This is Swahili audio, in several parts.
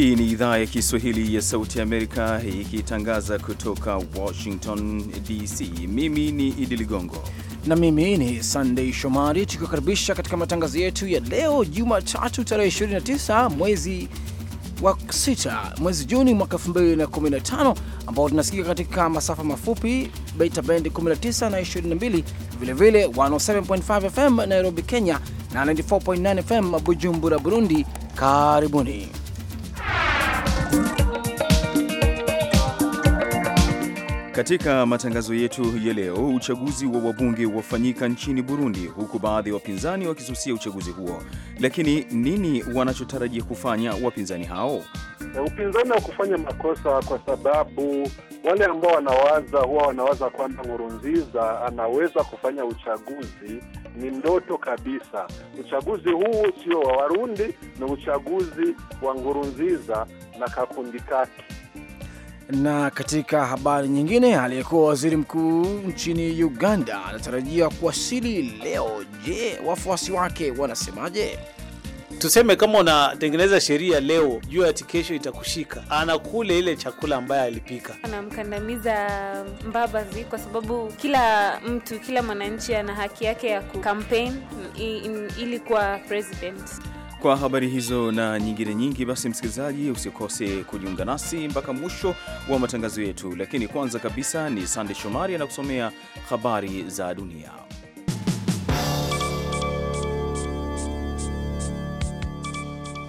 Hii ni idhaa ya Kiswahili ya Sauti ya Amerika ikitangaza kutoka Washington DC. Mimi ni Idi Ligongo na mimi ni Sandei Shomari, tukiwakaribisha katika matangazo yetu ya leo Jumatatu tarehe 29 mwezi wa sita mwezi Juni mwaka 2015 ambao tunasikika katika masafa mafupi beta bend 19 na 22, vilevile 107.5 FM Nairobi, Kenya na 94.9 FM Bujumbura, Burundi. Karibuni. Katika matangazo yetu ya leo, uchaguzi wa wabunge wafanyika nchini Burundi, huku baadhi ya wapinzani wakisusia uchaguzi huo. Lakini nini wanachotarajia kufanya wapinzani hao? Eh, upinzani wa kufanya makosa, kwa sababu wale ambao wanawaza huwa wanawaza kwamba Nkurunziza anaweza kufanya uchaguzi ni ndoto kabisa. Uchaguzi huu sio wa Warundi, ni uchaguzi wa Nkurunziza na kakundi kake. Na katika habari nyingine, aliyekuwa waziri mkuu nchini Uganda anatarajia kuwasili leo. Je, wafuasi wake wanasemaje? Tuseme kama unatengeneza sheria leo, jua ati kesho itakushika. Anakule ile chakula ambayo alipika, anamkandamiza Mbabazi kwa sababu kila mtu, kila mwananchi ana haki yake ya kukampeni ili kuwa president. Kwa habari hizo na nyingine nyingi, basi msikilizaji, usikose kujiunga nasi mpaka mwisho wa matangazo yetu, lakini kwanza kabisa ni Sande Shomari anakusomea habari za dunia.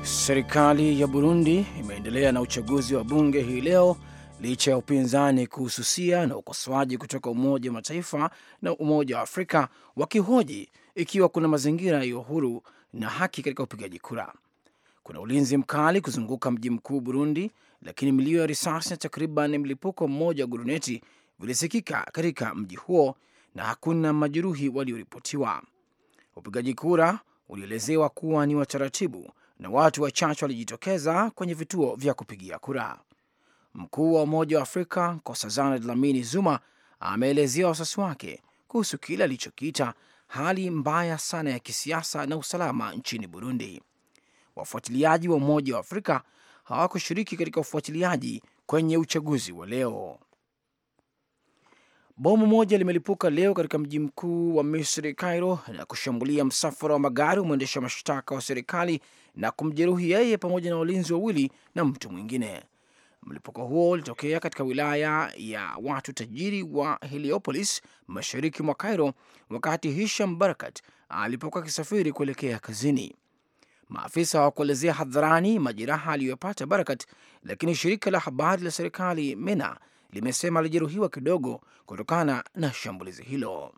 Serikali ya Burundi imeendelea na uchaguzi wa bunge hii leo licha ya upinzani kuhususia na ukosoaji kutoka Umoja wa Mataifa na Umoja wa Afrika wakihoji ikiwa kuna mazingira ya uhuru na haki katika upigaji kura. Kuna ulinzi mkali kuzunguka mji mkuu Burundi, lakini milio ya risasi na takriban mlipuko mmoja wa guruneti vilisikika katika mji huo na hakuna majeruhi walioripotiwa. Upigaji kura ulielezewa kuwa ni wa taratibu na watu wachache walijitokeza kwenye vituo vya kupigia kura. Mkuu wa Umoja wa Afrika Nkosazana Dlamini Zuma ameelezea wasiwasi wake kuhusu kile alichokiita hali mbaya sana ya kisiasa na usalama nchini Burundi. Wafuatiliaji wa Umoja wa Afrika hawakushiriki katika ufuatiliaji kwenye uchaguzi wa leo. Bomu moja limelipuka leo katika mji mkuu wa Misri, Cairo, na kushambulia msafara wa magari wa mwendesha mashtaka wa serikali na kumjeruhi yeye pamoja na walinzi wawili na mtu mwingine. Mlipuko huo ulitokea katika wilaya ya watu tajiri wa Heliopolis mashariki mwa Cairo wakati Hisham Barakat alipokuwa akisafiri kuelekea kazini. Maafisa hawakuelezea hadharani majeraha aliyopata Barakat, lakini shirika la habari la serikali MENA limesema alijeruhiwa kidogo kutokana na shambulizi hilo.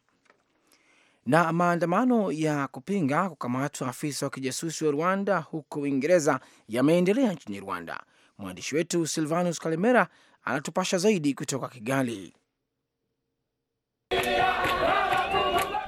Na maandamano ya kupinga kukamatwa afisa wa kijasusi wa Rwanda huko Uingereza yameendelea nchini Rwanda Mwandishi wetu Silvanus Kalemera anatupasha zaidi kutoka Kigali.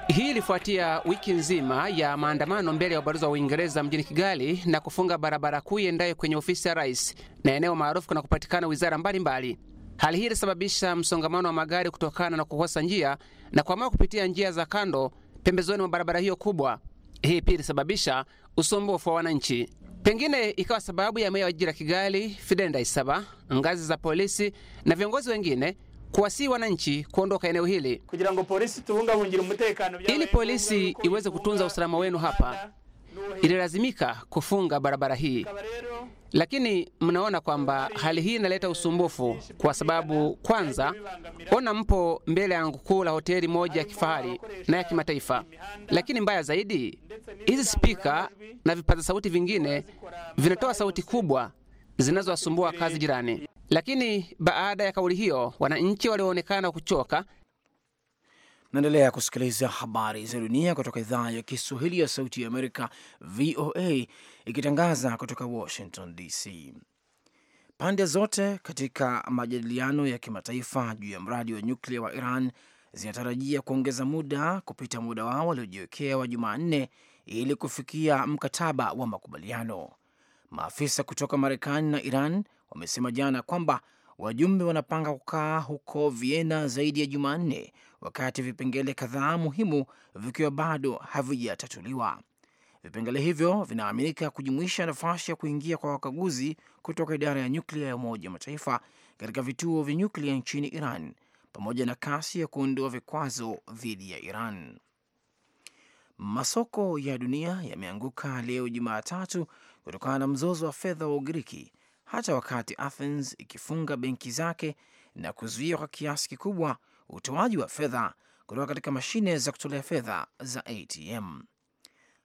Hii ilifuatia wiki nzima ya maandamano mbele ya ubalozi wa Uingereza mjini Kigali na kufunga barabara kuu iendayo kwenye ofisi ya rais na eneo maarufu kupatikana wizara mbalimbali. Hali hii ilisababisha msongamano wa magari kutokana na kukosa njia na kuamua kupitia njia za kando pembezoni mwa barabara hiyo kubwa. Hii pia ilisababisha usumbufu wa wananchi. Pengine ikawa sababu ya meya wa jiji la Kigali Fidel Ndayisaba, ngazi za polisi na viongozi wengine kuwasihi wananchi kuondoka eneo hili ili polisi iweze kutunza usalama wenu hapa ililazimika kufunga barabara hii. Lakini mnaona kwamba hali hii inaleta usumbufu, kwa sababu kwanza, ona mpo mbele ya ngukuu la hoteli moja ya kifahari na ya kimataifa, lakini mbaya zaidi, hizi spika na vipaza sauti vingine vinatoa sauti kubwa zinazowasumbua kazi jirani. Lakini baada ya kauli hiyo, wananchi walioonekana kuchoka Naendelea kusikiliza habari za dunia kutoka idhaa ya Kiswahili ya Sauti ya Amerika, VOA, ikitangaza kutoka Washington DC. Pande zote katika majadiliano ya kimataifa juu ya mradi wa nyuklia wa Iran zinatarajia kuongeza muda kupita muda wao waliojiwekea wa Jumanne ili kufikia mkataba wa makubaliano. Maafisa kutoka Marekani na Iran wamesema jana kwamba wajumbe wanapanga kukaa huko Vienna zaidi ya Jumanne wakati vipengele kadhaa muhimu vikiwa bado havijatatuliwa. Vipengele hivyo vinaaminika kujumuisha nafasi ya kuingia kwa wakaguzi kutoka idara ya nyuklia ya Umoja wa Mataifa katika vituo vya nyuklia nchini Iran pamoja na kasi ya kuondoa vikwazo dhidi ya Iran. Masoko ya dunia yameanguka leo Jumatatu kutokana na mzozo wa fedha wa Ugiriki, hata wakati Athens ikifunga benki zake na kuzuia kwa kiasi kikubwa utoaji wa fedha kutoka katika mashine za kutolea fedha za ATM.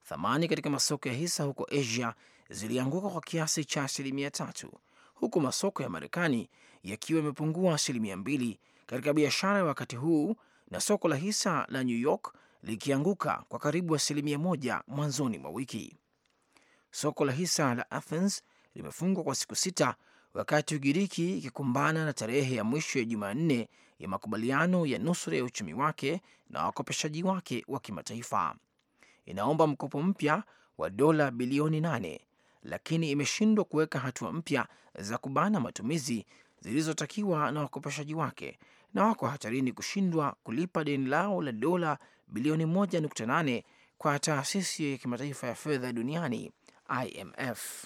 Thamani katika masoko ya hisa huko Asia zilianguka kwa kiasi cha asilimia tatu huku masoko ya Marekani yakiwa yamepungua asilimia mbili katika biashara ya wakati huu na soko la hisa la New York likianguka kwa karibu asilimia moja mwanzoni mwa wiki. Soko la hisa la Athens limefungwa kwa siku sita wakati Ugiriki ikikumbana na tarehe ya mwisho ya Jumanne ya makubaliano ya nusura ya uchumi wake na wakopeshaji wake wa kimataifa. Inaomba mkopo mpya wa dola bilioni nane, lakini imeshindwa kuweka hatua mpya za kubana matumizi zilizotakiwa na wakopeshaji wake na wako hatarini kushindwa kulipa deni lao la dola bilioni 1.8 kwa taasisi ya kimataifa ya fedha duniani IMF.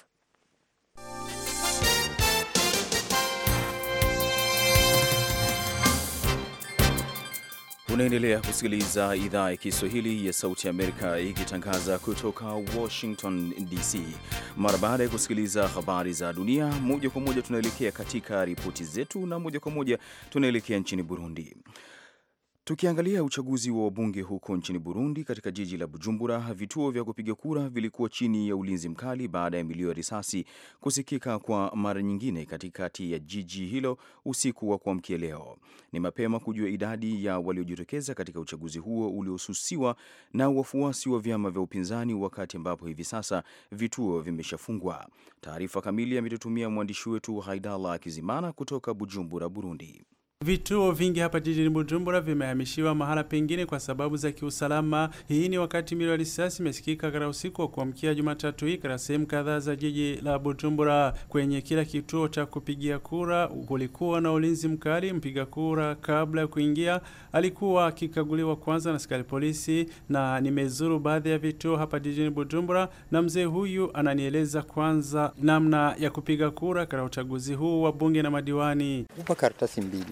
Unaendelea kusikiliza idhaa ya Kiswahili ya Sauti ya Amerika ikitangaza kutoka Washington DC. Mara baada ya kusikiliza habari za dunia moja kwa moja, tunaelekea katika ripoti zetu, na moja kwa moja tunaelekea nchini Burundi. Tukiangalia uchaguzi wa wabunge huko nchini Burundi, katika jiji la Bujumbura, vituo vya kupiga kura vilikuwa chini ya ulinzi mkali baada ya milio ya risasi kusikika kwa mara nyingine katikati ya jiji hilo usiku wa kuamkia leo. Ni mapema kujua idadi ya waliojitokeza katika uchaguzi huo uliosusiwa na wafuasi wa vyama vya upinzani, wakati ambapo hivi sasa vituo vimeshafungwa. Taarifa kamili ametutumia mwandishi wetu Haidala Kizimana kutoka Bujumbura, Burundi. Vituo vingi hapa jijini Bujumbura vimehamishiwa mahala pengine kwa sababu za kiusalama. Hii ni wakati milio ya risasi imesikika katika usiku wa kuamkia Jumatatu hii katika sehemu kadhaa za jiji la Bujumbura. Kwenye kila kituo cha kupigia kura kulikuwa na ulinzi mkali. Mpiga kura kabla ya kuingia alikuwa akikaguliwa kwanza na askari polisi, na nimezuru baadhi ya vituo hapa jijini Bujumbura, na mzee huyu ananieleza kwanza namna ya kupiga kura katika uchaguzi huu wa bunge na madiwani. Upa karatasi mbili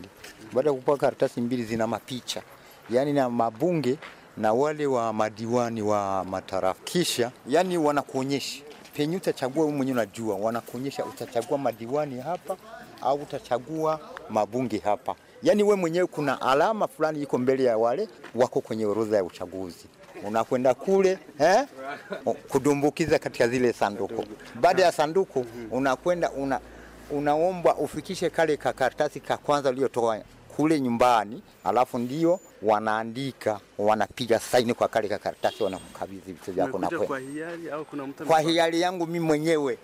baada ya kupewa karatasi mbili zina mapicha yaani na mabunge na wale wa madiwani wa matarafa, kisha yani wanakuonyesha penye utachagua wewe mwenyewe unajua, wanakuonyesha utachagua madiwani hapa au utachagua mabunge hapa. Yani we mwenyewe kuna alama fulani iko mbele ya wale wako kwenye orodha ya uchaguzi, unakwenda kule eh, kudumbukiza katika zile sanduku. Baada ya sanduku unakwenda una unaombwa ufikishe kale kakaratasi ka kwanza uliotoa kule nyumbani, alafu ndio wanaandika wanapiga saini kwa kale kakaratasi, wanakukabidhi vitu vyako na kwa hiari au kuna mtu kwa hiari yangu mimi mwenyewe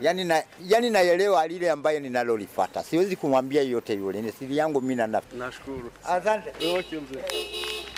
Yaani na yani naelewa lile ambaye ninalolifuata. Siwezi kumwambia yote yule. Ni siri yangu mimi na nafsi. Nashukuru. Asante.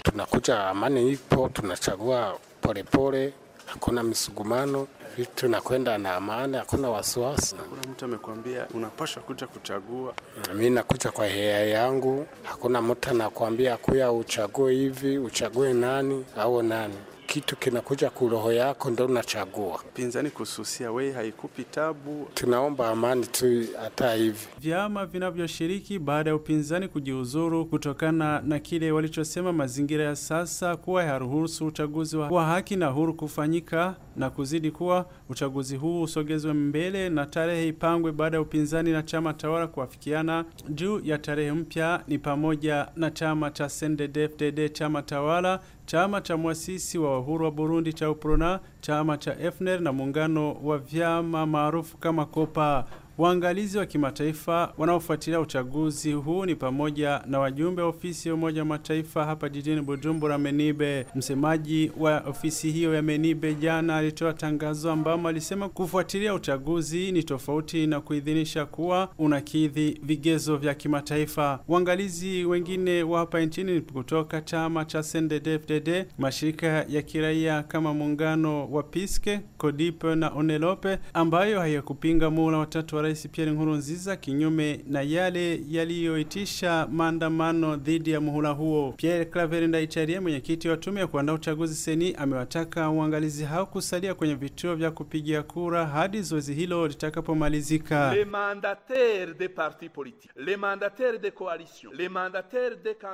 Tunakuja amani ipo, tunachagua polepole, hakuna misugumano tunakwenda na amani, hakuna wasiwasi. Hakuna mtu amekwambia unapasha kuja kuchagua. Mi nakuja kwa hea yangu, hakuna mtu anakwambia kuya uchague hivi uchague nani au nani kitu kinakuja kuroho yako ndo unachagua. Pinzani kususia we haikupi tabu. Tunaomba amani tu. Hata hivi vyama vinavyoshiriki baada ya upinzani kujiuzuru kutokana na kile walichosema mazingira ya sasa kuwa haruhusu uchaguzi wa haki na huru kufanyika na kuzidi kuwa uchaguzi huu usogezwe mbele na tarehe ipangwe baada ya upinzani na chama tawala kuafikiana juu ya tarehe mpya, ni pamoja na chama cha CNDD-FDD chama tawala chama cha mwasisi wa uhuru wa Burundi cha UPRONA, chama cha efner na muungano wa vyama maarufu kama Kopa. Waangalizi wa kimataifa wanaofuatilia uchaguzi huu ni pamoja na wajumbe wa ofisi ya Umoja wa Mataifa hapa jijini Bujumbura Menibe. Msemaji wa ofisi hiyo ya Menibe jana alitoa tangazo ambamo alisema kufuatilia uchaguzi ni tofauti na kuidhinisha kuwa unakidhi vigezo vya kimataifa. Waangalizi wengine wa hapa nchini ni kutoka chama cha CNDD-FDD, mashirika ya kiraia kama muungano wa Piske, Kodipe na Onelope ambayo hayakupinga muhula watatu wa Rais Pierre Nkurunziza kinyume na yale yaliyoitisha maandamano dhidi ya muhula huo. Pierre Claver Ndayicariye, mwenyekiti wa tume ya kuandaa uchaguzi seni, amewataka uangalizi hao kusalia kwenye vituo vya kupigia kura hadi zoezi hilo litakapomalizika.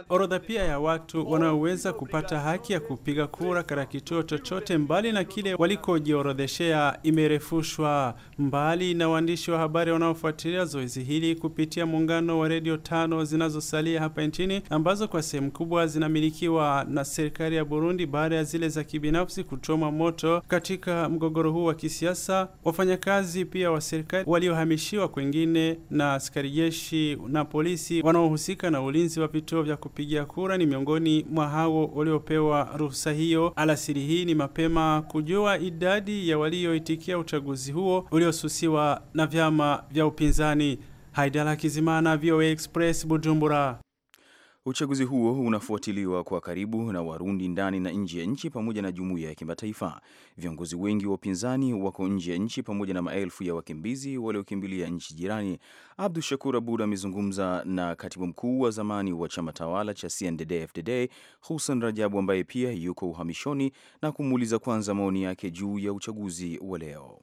Orodha pia ya watu wanaoweza kupata haki ya kupiga kura katika kituo chochote mbali na kile walikojiorodheshea imerefushwa. Mbali na waandishi wa habari habari wanaofuatilia zoezi hili kupitia muungano wa redio tano zinazosalia hapa nchini ambazo kwa sehemu kubwa zinamilikiwa na serikali ya Burundi baada ya zile za kibinafsi kuchoma moto katika mgogoro huu wa kisiasa. Wafanyakazi pia wa serikali waliohamishiwa kwengine na askari jeshi na polisi wanaohusika na ulinzi wa vituo vya kupigia kura ni miongoni mwa hao waliopewa ruhusa hiyo. Alasiri hii ni mapema kujua idadi ya walioitikia uchaguzi huo uliosusiwa na vyama vya upinzani. Haidala Kizimana, VOA Express, Bujumbura. Uchaguzi huo unafuatiliwa kwa karibu na Warundi ndani na nje ya nchi pamoja na jumuiya ya kimataifa. Viongozi wengi wa upinzani wako nje ya nchi pamoja na maelfu ya wakimbizi waliokimbilia nchi jirani. Abdu Shakur Abud amezungumza na katibu mkuu wa zamani wa chama tawala cha CNDD-FDD Hussein Rajabu ambaye pia yuko uhamishoni na kumuuliza kwanza maoni yake juu ya uchaguzi wa leo.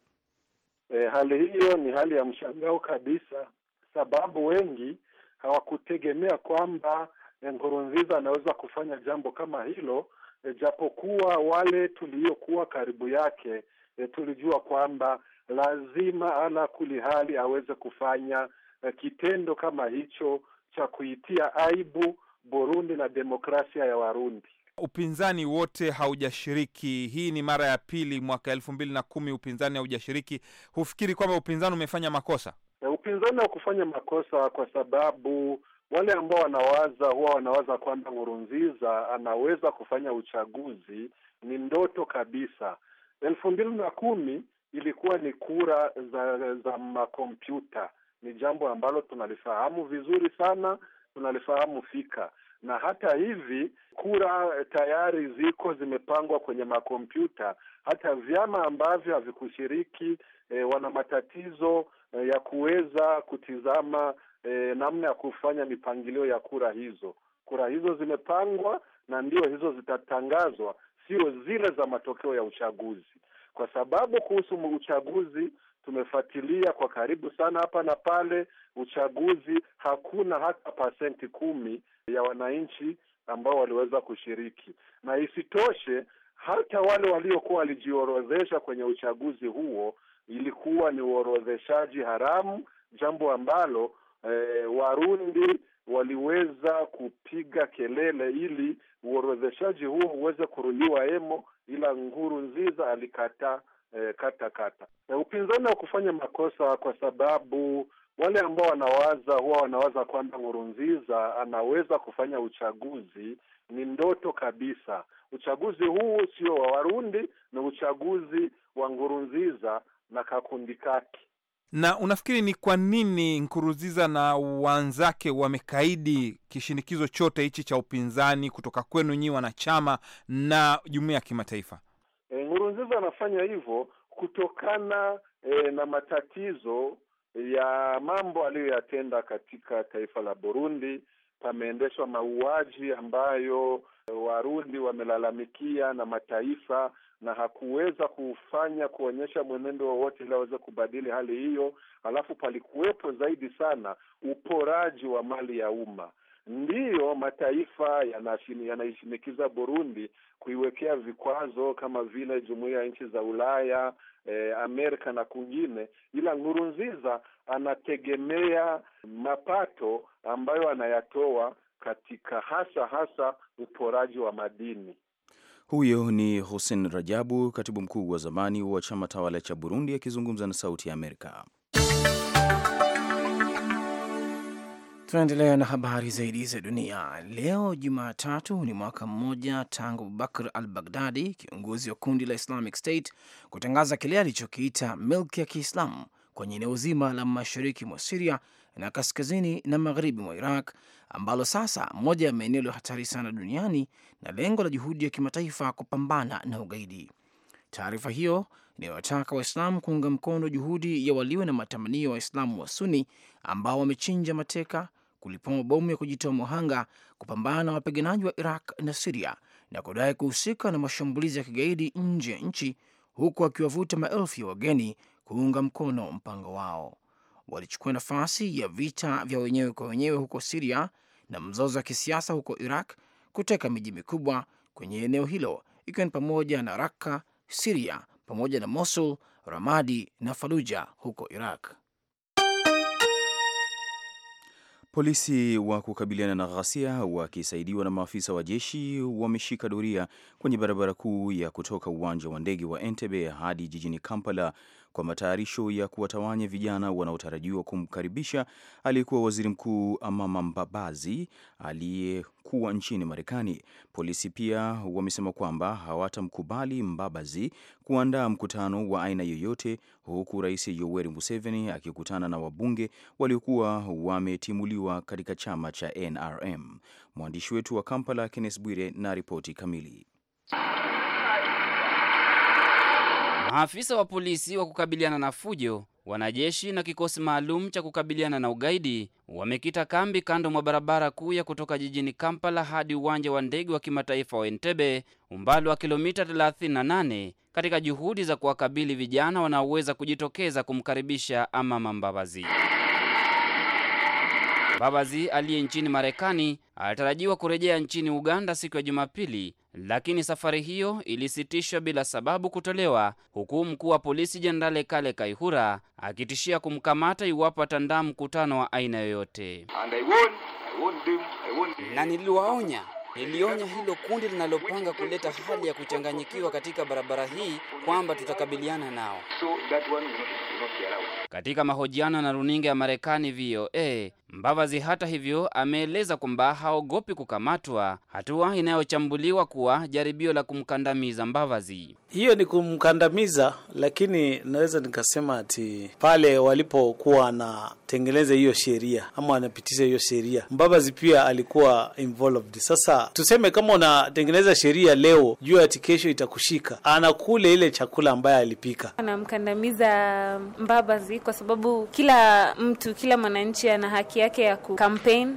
E, hali hiyo ni hali ya mshangao kabisa, sababu wengi hawakutegemea kwamba eh, Nkurunziza anaweza kufanya jambo kama hilo e, japokuwa wale tuliokuwa karibu yake e, tulijua kwamba lazima ala kuli hali aweze kufanya e, kitendo kama hicho cha kuitia aibu Burundi na demokrasia ya Warundi upinzani wote haujashiriki. Hii ni mara ya pili mwaka elfu mbili na kumi upinzani haujashiriki. Hufikiri kwamba upinzani umefanya makosa? Na e, upinzani haukufanya makosa kwa sababu wale ambao wanawaza huwa wanawaza kwamba ngurunziza anaweza kufanya uchaguzi ni ndoto kabisa. Elfu mbili na kumi ilikuwa ni kura za za makompyuta, ni jambo ambalo tunalifahamu vizuri sana, tunalifahamu fika na hata hivi kura tayari ziko zimepangwa kwenye makompyuta. Hata vyama ambavyo havikushiriki e, wana matatizo e, ya kuweza kutizama e, namna ya kufanya mipangilio ya kura hizo. Kura hizo zimepangwa na ndio hizo zitatangazwa, sio zile za matokeo ya uchaguzi, kwa sababu kuhusu uchaguzi tumefuatilia kwa karibu sana hapa na pale uchaguzi. Hakuna hata pasenti kumi ya wananchi ambao waliweza kushiriki, na isitoshe hata wale waliokuwa walijiorodhesha kwenye uchaguzi huo ilikuwa ni uorodheshaji haramu, jambo ambalo eh, Warundi waliweza kupiga kelele ili uorodheshaji huo uweze kurudiwa emo ila Nziza alikataa eh, kata kata. Na upinzani wa kufanya makosa kwa sababu wale ambao wanawaza huwa wanawaza kwamba Nkurunziza anaweza kufanya uchaguzi ni ndoto kabisa. Uchaguzi huu sio wa Warundi, ni uchaguzi wa Nkurunziza na kakundi kake. Na unafikiri ni kwa nini nkuruziza na wanzake wamekaidi kishinikizo chote hichi cha upinzani kutoka kwenu nyinyi wanachama na jumuiya ya kimataifa? E, nkuruziza anafanya hivyo kutokana e, na matatizo ya mambo aliyoyatenda katika taifa la Burundi. Pameendeshwa mauaji ambayo e, Warundi wamelalamikia na mataifa na hakuweza kufanya kuonyesha mwenendo wowote ili aweze kubadili hali hiyo. Alafu palikuwepo zaidi sana uporaji wa mali ya umma. Ndiyo mataifa yanaishinikiza Burundi kuiwekea vikwazo kama vile jumuiya ya nchi za Ulaya, eh, Amerika na kwingine, ila Nkurunziza anategemea mapato ambayo anayatoa katika hasa hasa uporaji wa madini. Huyo ni Hussein Rajabu, katibu mkuu wa zamani wa chama tawala cha Burundi, akizungumza na Sauti ya Amerika. Tunaendelea na habari zaidi za dunia. Leo Jumatatu ni mwaka mmoja tangu Abubakar al Baghdadi, kiongozi wa kundi la Islamic State, kutangaza kile alichokiita milki ya Kiislamu kwenye eneo zima la mashariki mwa Siria na kaskazini na magharibi mwa Iraq ambalo sasa moja ya maeneo yaliyo hatari sana duniani na lengo la juhudi ya kimataifa kupambana na ugaidi. Taarifa hiyo inayowataka Waislamu kuunga mkono juhudi ya walio na matamanio ya Waislamu wa Suni ambao wamechinja mateka, kulipua mabomu ya kujitoa muhanga, kupambana na wapiganaji wa Iraq na Siria na kudai kuhusika na mashambulizi ya kigaidi nje ya nchi, huku akiwavuta maelfu ya wageni kuunga mkono mpango wao walichukua nafasi ya vita vya wenyewe kwa wenyewe huko Siria na mzozo wa kisiasa huko Iraq kuteka miji mikubwa kwenye eneo hilo ikiwa ni pamoja na Raka, Siria, pamoja na Mosul, Ramadi na Faluja huko Iraq. Polisi wa kukabiliana na ghasia wakisaidiwa na maafisa wa jeshi wameshika doria kwenye barabara kuu ya kutoka uwanja wa ndege wa Entebbe hadi jijini Kampala kwa matayarisho ya kuwatawanya vijana wanaotarajiwa kumkaribisha aliyekuwa waziri mkuu Amama Mbabazi aliyekuwa nchini Marekani. Polisi pia wamesema kwamba hawatamkubali Mbabazi kuandaa mkutano wa aina yoyote, huku Rais Yoweri Museveni akikutana na wabunge waliokuwa wametimuliwa katika chama cha NRM. Mwandishi wetu wa Kampala kennes Bwire na ripoti kamili. Maafisa wa polisi wa kukabiliana na fujo, wanajeshi na kikosi maalum cha kukabiliana na ugaidi wamekita kambi kando mwa barabara kuu ya kutoka jijini Kampala hadi uwanja wa ndege wa kimataifa wa Entebbe, umbali wa kilomita 38 katika juhudi za kuwakabili vijana wanaoweza kujitokeza kumkaribisha Amama Mbabazi. Mbabazi aliye nchini Marekani alitarajiwa kurejea nchini Uganda siku ya Jumapili lakini safari hiyo ilisitishwa bila sababu kutolewa, huku mkuu wa polisi Jenerali Kale Kaihura akitishia kumkamata iwapo atandaa mkutano wa aina yoyote. Na niliwaonya Nilionya hilo kundi linalopanga kuleta hali ya kuchanganyikiwa katika barabara hii kwamba tutakabiliana nao. Katika mahojiano na runinga ya Marekani VOA, Mbavazi hata hivyo ameeleza kwamba haogopi kukamatwa, hatua inayochambuliwa kuwa jaribio la kumkandamiza Mbavazi. Hiyo ni kumkandamiza, lakini naweza nikasema ati pale walipokuwa na anatengeneza hiyo sheria ama anapitisha hiyo sheria. Mbabazi pia alikuwa involved. Sasa tuseme kama unatengeneza sheria leo, jua ati kesho itakushika, anakule ile chakula ambaye alipika. Anamkandamiza Mbabazi kwa sababu kila mtu, kila mwananchi ana haki yake ya campaign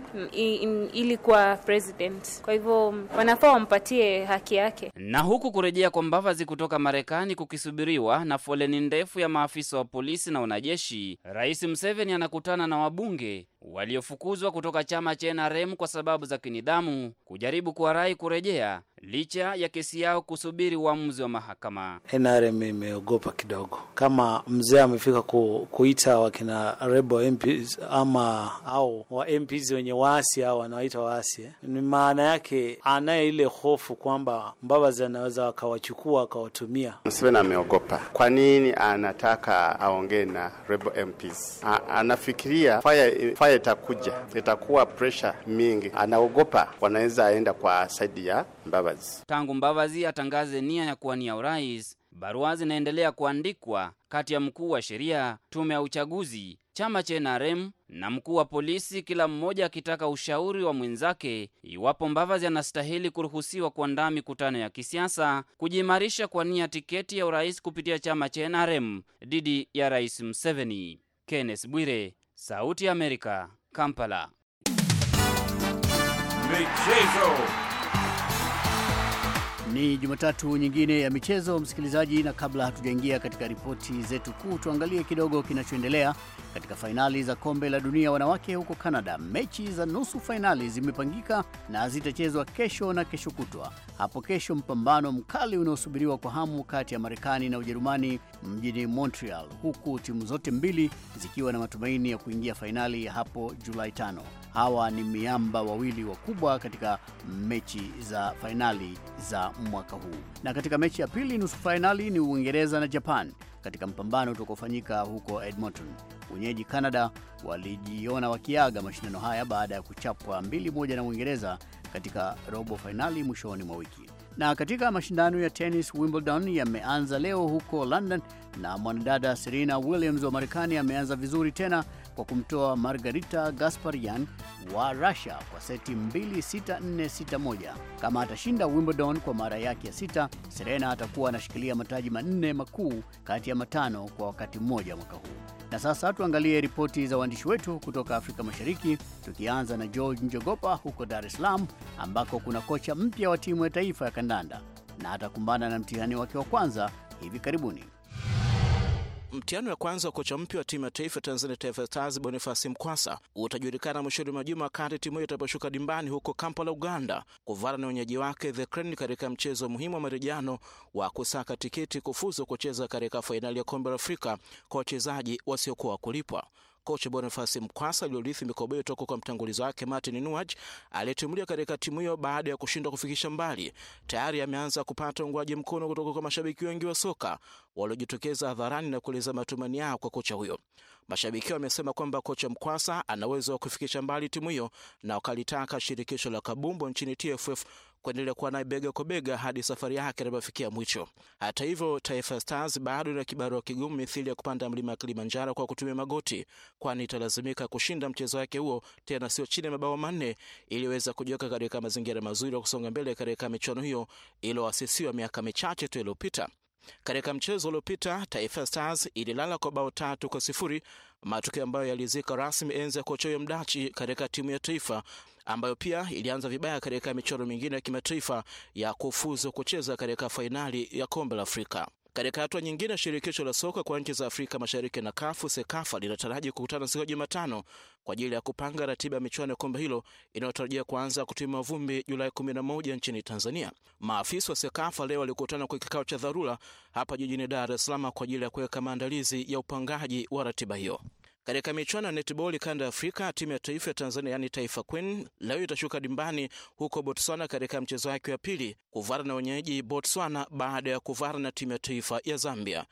ili kuwa president, kwa hivyo wanafaa wampatie haki yake. Na huku kurejea kwa Mbabazi kutoka Marekani kukisubiriwa na foleni ndefu ya maafisa wa polisi na wanajeshi, Rais Museveni anaku kukutana na wabunge waliofukuzwa kutoka chama cha NRM kwa sababu za kinidhamu kujaribu kuwarai kurejea licha ya kesi yao kusubiri uamuzi wa mahakama. NRM imeogopa kidogo, kama mzee amefika ku, kuita wakina rebo MPs ama au wa MPs wenye waasi au wanawaita waasi, ni maana yake anaye ile hofu kwamba mbabazi anaweza wakawachukua akawatumia. Museveni ameogopa. Kwa nini anataka aongee na rebo MPs? A, anafikiria fire, fire ambayo itakuja itakuwa pressure mingi, anaogopa wanaweza aenda kwa saidi ya Mbabazi. Tangu Mbabazi atangaze nia ya kuwania urais, barua zinaendelea kuandikwa kati ya mkuu wa sheria, tume ya uchaguzi, chama cha NRM na mkuu wa polisi, kila mmoja akitaka ushauri wa mwenzake iwapo Mbavazi anastahili kuruhusiwa kuandaa mikutano ya kisiasa kujiimarisha kwa nia tiketi ya urais kupitia chama cha NRM dhidi ya Rais Museveni. Kenneth Bwire, Sauti ya Amerika, Kampala. Michezo. Ni Jumatatu nyingine ya michezo, msikilizaji, na kabla hatujaingia katika ripoti zetu kuu, tuangalie kidogo kinachoendelea katika fainali za kombe la dunia wanawake huko Canada. Mechi za nusu fainali zimepangika na zitachezwa kesho na kesho kutwa. Hapo kesho, mpambano mkali unaosubiriwa kwa hamu kati ya Marekani na Ujerumani mjini Montreal, huku timu zote mbili zikiwa na matumaini ya kuingia fainali ya hapo Julai tano. Hawa ni miamba wawili wakubwa katika mechi za fainali za mwaka huu. Na katika mechi ya pili nusu fainali ni Uingereza na Japan katika mpambano utakaofanyika huko Edmonton. Wenyeji Canada walijiona wakiaga mashindano haya baada ya kuchapwa mbili moja na Uingereza katika robo fainali mwishoni mwa wiki. Na katika mashindano ya tennis, Wimbledon yameanza leo huko London, na mwanadada Serena Williams wa Marekani ameanza vizuri tena kwa kumtoa Margarita Gasparyan wa Russia kwa seti 2-6-4-6-1. Kama atashinda Wimbledon kwa mara yake ya sita, Serena atakuwa anashikilia mataji manne makuu kati ya matano kwa wakati mmoja mwaka huu. Na sasa tuangalie ripoti za waandishi wetu kutoka Afrika Mashariki, tukianza na George Njogopa huko Dar es Salaam, ambako kuna kocha mpya wa timu ya taifa ya kandanda na atakumbana na mtihani wake wa kwanza hivi karibuni. Mtihano ya kwanza wa kocha mpya wa timu ya taifa Tanzania Taifa Stars Bonifasi Mkwasa utajulikana mwishoni mwa juma wakati timu hiyo itaposhuka dimbani huko Kampala, Uganda, kuvana na wenyeji wake The Crane katika mchezo muhimu wa marejano wa kusaka tiketi kufuzu kucheza katika fainali ya kombe la Afrika kwa wachezaji wasiokuwa kulipwa. Kocha Bonifasi Mkwasa aliyorithi mikobeo toka kwa mtangulizi wake Martin Nuaj aliyetimuliwa katika timu hiyo baada ya kushindwa kufikisha mbali, tayari ameanza kupata ungwaji mkono kutoka kwa mashabiki wengi wa soka waliojitokeza hadharani na kueleza matumaini yao kwa kocha huyo. Mashabiki wamesema kwamba kocha Mkwasa ana uwezo wa kufikisha mbali timu hiyo na wakalitaka shirikisho la kabumbo nchini TFF kuendelea kuwa naye bega kwa bega hadi safari yake inapofikia mwisho. Hata hivyo, Taifa Stars bado ina kibarua kigumu mithili ya kupanda mlima wa Kilimanjaro kwa kutumia magoti, kwani italazimika kushinda mchezo wake huo tena sio chini ya mabao manne ili iliweza kujiweka katika mazingira mazuri ya kusonga mbele katika michuano hiyo iliyoasisiwa miaka michache tu iliyopita. Katika mchezo uliopita Taifa Stars ililala kwa bao tatu kwa sifuri, matukio ambayo yalizika rasmi enzi ya kocha huyo Mdachi katika timu ya taifa ambayo pia ilianza vibaya katika michoro mingine ya kimataifa ya kufuzu kucheza katika fainali ya kombe la Afrika. Katika hatua nyingine, shirikisho la soka kwa nchi za Afrika Mashariki na kafu SEKAFA linataraji kukutana siku ya Jumatano kwa ajili ya kupanga ratiba ya michuano ya kombe hilo inayotarajia kuanza kutima vumbi Julai 11 nchini Tanzania. Maafisa wa SEKAFA leo walikutana kwa kikao cha dharura hapa jijini Dar es Salaam kwa ajili ya kuweka maandalizi ya upangaji wa ratiba hiyo. Katika michuano ya netball kanda ya Afrika, timu ya taifa ya Tanzania yani Taifa Queen leo itashuka dimbani huko Botswana katika mchezo wake wa pili kuvara na wenyeji Botswana baada ya kuvara na timu ya taifa ya Zambia.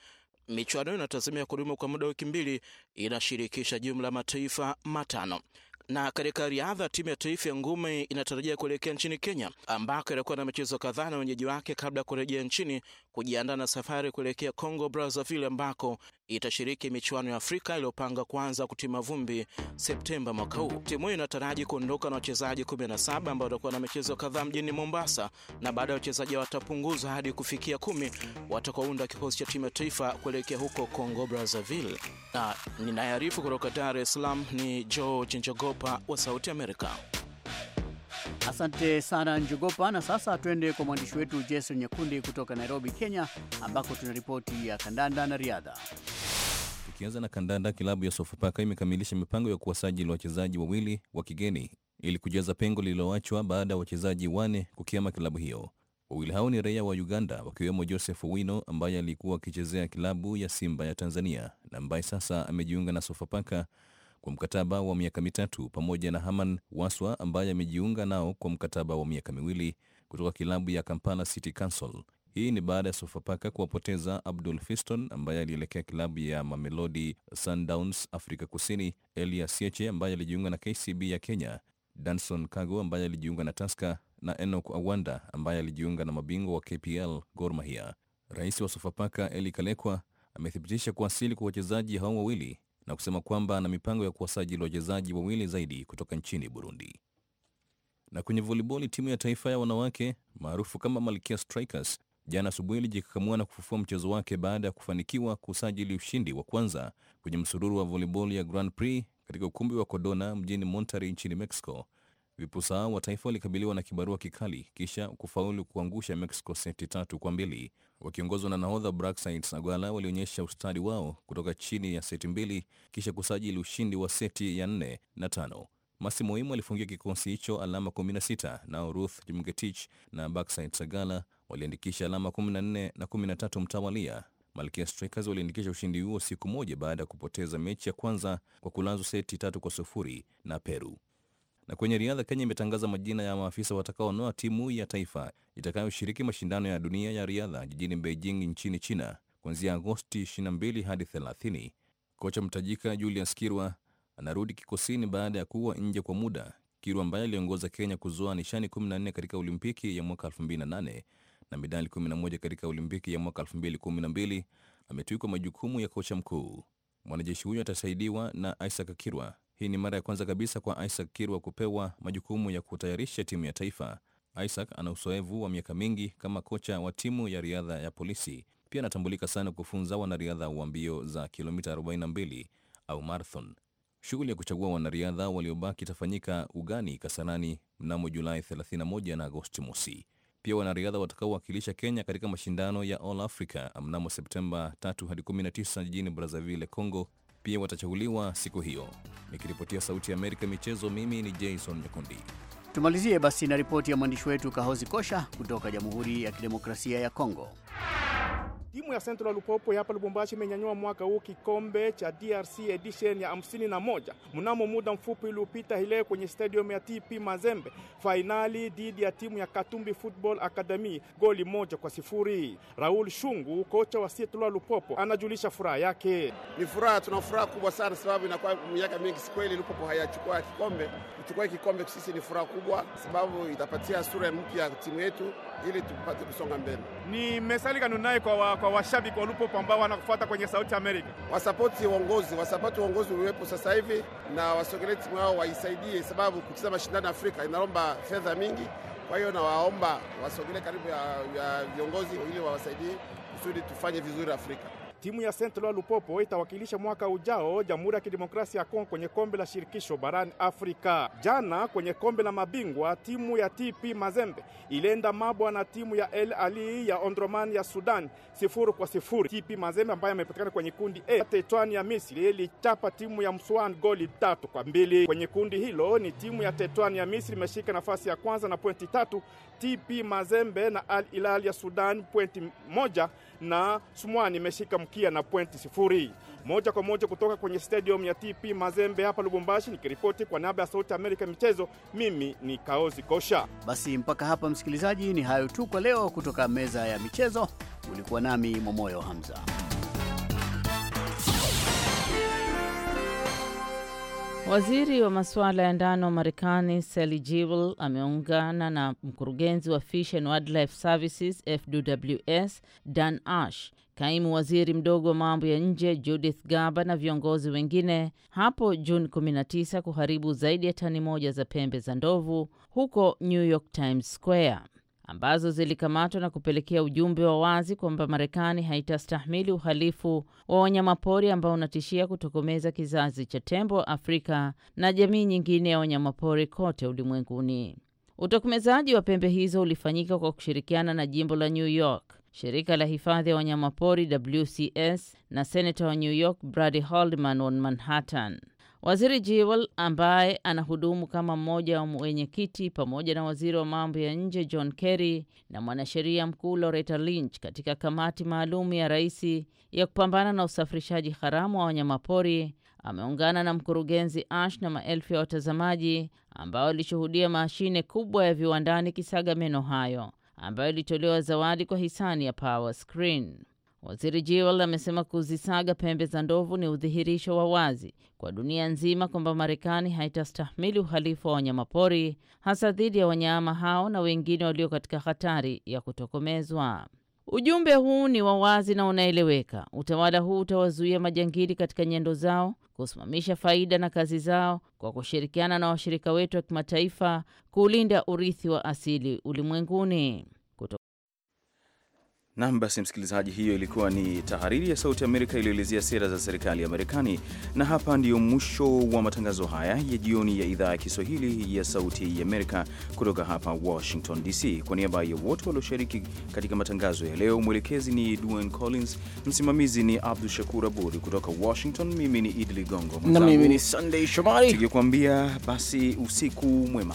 Michuano inatazamia kudumu kwa muda wa wiki mbili, inashirikisha jumla mataifa matano na katika riadha timu ya taifa ya ngumi inatarajia kuelekea nchini Kenya ambako itakuwa na michezo kadhaa na wenyeji wake kabla ya kurejea nchini kujiandaa na safari kuelekea Congo Brazzaville ambako itashiriki michuano ya Afrika iliyopanga kuanza kutima vumbi Septemba mwaka huu. Timu hiyo inataraji kuondoka na wachezaji 17 ambao watakuwa na michezo kadhaa mjini Mombasa, na baada ya wachezaji watapunguza hadi kufikia kumi watakaounda kikosi cha timu ya taifa kuelekea huko Congo Brazzaville. Na ninayearifu kutoka Dar es Salaam ni George Njogopa wa Sauti america Asante sana Njogopa. Na sasa twende kwa mwandishi wetu Jason Nyakundi kutoka Nairobi, Kenya, ambako tuna ripoti ya kandanda na riadha. Tukianza na kandanda, kilabu ya Sofapaka imekamilisha mipango ya kuwasajili wachezaji wawili wa kigeni ili kujaza pengo lililoachwa baada ya wachezaji wane kukiama kilabu hiyo. Wawili hao ni raia wa Uganda wakiwemo Joseph Owino ambaye alikuwa akichezea kilabu ya Simba ya Tanzania na ambaye sasa amejiunga na Sofapaka kwa mkataba wa miaka mitatu pamoja na Haman Waswa ambaye amejiunga nao kwa mkataba wa miaka miwili kutoka kilabu ya Kampala City Council hii ni baada ya Sofapaka kuwapoteza Abdul Fiston ambaye alielekea klabu ya Mamelodi Sundowns Afrika Kusini, Elia Sieche ambaye alijiunga na KCB ya Kenya, Danson Kago ambaye alijiunga na Taska na enok Awanda ambaye alijiunga na mabingwa wa KPL Gor Mahia. Rais wa Sofapaka Eli Kalekwa amethibitisha kuwasili kwa wachezaji hao wawili na kusema kwamba ana mipango ya kuwasajili wachezaji wawili zaidi kutoka nchini Burundi. Na kwenye voliboli, timu ya taifa ya wanawake maarufu kama Malkia Strikers Jana asubuhi alijikakamua na kufufua mchezo wake baada ya kufanikiwa kusajili ushindi wa kwanza kwenye msururu wa volleyball ya Grand Prix katika ukumbi wa Codona mjini Monterrey nchini Mexico. hao wa taifa walikabiliwa na kibarua kikali kisha kufaulu kuangusha Mexico seti tatu kwa mbili. Wakiongozwa na nahodha Braxide Sagala walionyesha ustadi wao kutoka chini ya seti mbili kisha kusajili ushindi wa seti ya nne na tano. Masi muhimu alifungia kikosi hicho alama 16 nao Ruth Jimgetich na Braxide Sagala waliandikisha alama 14 na 13 mtawalia. Malkia Strikers waliandikisha ushindi huo siku moja baada ya kupoteza mechi ya kwanza kwa kulazwa seti tatu kwa sufuri na Peru. Na kwenye riadha, Kenya imetangaza majina ya maafisa watakaonoa timu ya taifa itakayoshiriki mashindano ya dunia ya riadha jijini Beijing nchini China kuanzia Agosti 22 hadi 30. Kocha mtajika Julius Kirwa anarudi kikosini baada ya kuwa nje kwa muda. Kirwa ambaye aliongoza Kenya kuzoa nishani 14 katika Olimpiki ya mwaka 2008 na medali 11 katika Olimpiki ya mwaka 2012 ametuikwa majukumu ya kocha mkuu. Mwanajeshi huyo atasaidiwa na Isaac Kirwa. Hii ni mara ya kwanza kabisa kwa Isaac Kirwa kupewa majukumu ya kutayarisha timu ya taifa. Isaac ana uzoefu wa miaka mingi kama kocha wa timu ya riadha ya polisi. Pia anatambulika sana kufunza wanariadha wa mbio za kilomita 42 au marathon. Shughuli ya kuchagua wanariadha waliobaki itafanyika ugani Kasarani mnamo Julai 31 na Agosti mosi. Pia wanariadha watakaowakilisha Kenya katika mashindano ya All Africa mnamo Septemba 3 hadi 19 jijini brazaville Congo, pia watachaguliwa siku hiyo. Nikiripotia Sauti ya Amerika michezo, mimi ni Jason Nyakundi. Tumalizie basi na ripoti ya mwandishi wetu Kahozi Kosha kutoka Jamhuri ya Kidemokrasia ya congo Timu ya Central Lupopo hapa Lubumbashi imenyanyua mwaka huu kikombe cha DRC edition ya hamsini na moja mnamo muda mfupi uliopita hile kwenye stadium ya TP Mazembe, fainali dhidi ya timu ya Katumbi Football Academy goli moja kwa sifuri. Raul Shungu, kocha wa Central Lupopo, anajulisha furaha yake. Ni furaha, tuna furaha kubwa sana sababu inakuwa miaka mingi sikweli Lupopo hayachukua kikombe. Kuchukua kikombe sisi ni furaha kubwa, sababu itapatia sura mpya timu yetu ili tupate kusonga mbele. Ni mesali kanunaye kwa, kwa washabiki walipopambana ambao wanakufuata kwenye Sauti Amerika, wasapoti uongozi, wasapoti uongozi uliwepo sasa hivi na wasogelee timu yao waisaidie, sababu kucheza mashindano ya Afrika inaomba fedha mingi. Kwa hiyo nawaomba wasogelee karibu ya, ya viongozi ili wawasaidie kusudi tufanye vizuri Afrika. Timu ya Saint Eloi Lupopo itawakilisha mwaka ujao Jamhuri ya Kidemokrasia ya Kongo kwenye kombe la shirikisho barani Afrika. Jana kwenye kombe la mabingwa, timu ya TP Mazembe ilienda mabwa na timu ya El Ali ya Ondroman ya Sudan sifuri kwa sifuri. TP Mazembe ambayo amepatikana kwenye kundi A, e, Tetwani ya Misri ilichapa timu ya Mswan goli tatu kwa mbili. Kwenye kundi hilo ni timu ya Tetwani ya Misri imeshika nafasi ya kwanza na pointi tatu TP Mazembe na Al Hilal ya Sudan pointi moja na Sumwani imeshika mkia na pointi sifuri. Moja kwa moja kutoka kwenye stadium ya TP Mazembe hapa Lubumbashi, nikiripoti kwa niaba ya Sauti Amerika michezo, mimi ni Kaozi Kosha. Basi mpaka hapa msikilizaji, ni hayo tu kwa leo kutoka meza ya michezo. Ulikuwa nami Momoyo Hamza. Waziri wa masuala ya ndani wa Marekani Sally Jewell ameungana na mkurugenzi wa Fish and Wildlife Services FWS Dan Ash, kaimu waziri mdogo wa mambo ya nje Judith Garber na viongozi wengine hapo Juni 19 kuharibu zaidi ya tani moja za pembe za ndovu huko New York Times Square ambazo zilikamatwa na kupelekea ujumbe wa wazi kwamba Marekani haitastahimili uhalifu wa wanyamapori ambao unatishia kutokomeza kizazi cha tembo wa Afrika na jamii nyingine ya wanyamapori kote ulimwenguni. Utokomezaji wa pembe hizo ulifanyika kwa kushirikiana na jimbo la New York, shirika la hifadhi ya wanyamapori WCS na senata wa New York Brady Haldeman wa Manhattan. Waziri jiwal ambaye anahudumu kama mmoja wa mwenyekiti pamoja na waziri wa mambo ya nje John Kerry na mwanasheria mkuu Loretta Lynch katika kamati maalum ya rais ya kupambana na usafirishaji haramu wa wanyamapori ameungana na mkurugenzi Ash na maelfu ya watazamaji ambao walishuhudia mashine kubwa ya viwandani kisaga meno hayo ambayo ilitolewa zawadi kwa hisani ya Power Screen. Waziri Jewell amesema kuzisaga pembe za ndovu ni udhihirisho wa wazi kwa dunia nzima kwamba Marekani haitastahimili uhalifu wa wanyamapori hasa dhidi ya wanyama hao na wengine walio katika hatari ya kutokomezwa. Ujumbe huu ni wa wazi na unaeleweka. Utawala huu utawazuia majangili katika nyendo zao, kusimamisha faida na kazi zao, kwa kushirikiana na washirika wetu wa kimataifa kulinda urithi wa asili ulimwenguni. Nam, basi msikilizaji, hiyo ilikuwa ni tahariri ya Sauti Amerika iliyoelezea sera za serikali ya Marekani, na hapa ndiyo mwisho wa matangazo haya ya jioni ya idhaa ya Kiswahili ya Sauti ya Amerika kutoka hapa Washington DC. Kwa niaba ya wote walioshiriki katika matangazo ya leo, mwelekezi ni Duan Collins, msimamizi ni Abdu Shakur Abud kutoka Washington. Mimi ni Idi Ligongo na mimi ni Sandey Shomari, tukikuambia basi usiku mwema.